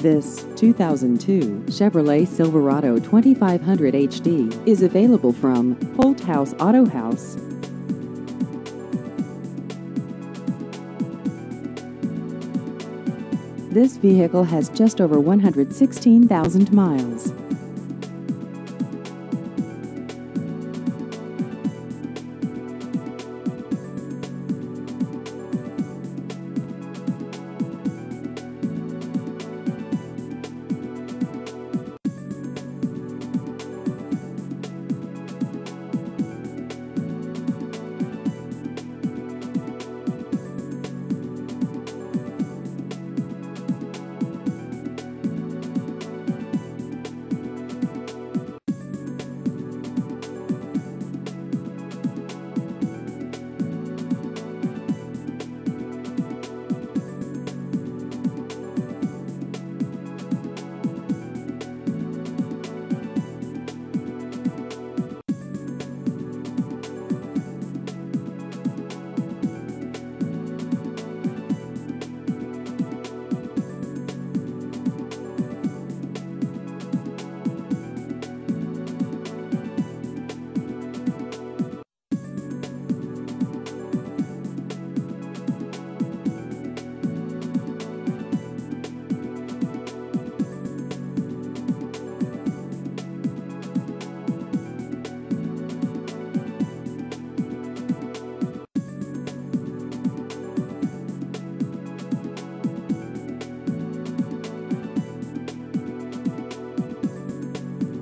This 2002 Chevrolet Silverado 2500 HD is available from Holt House Auto House. This vehicle has just over 116,000 miles.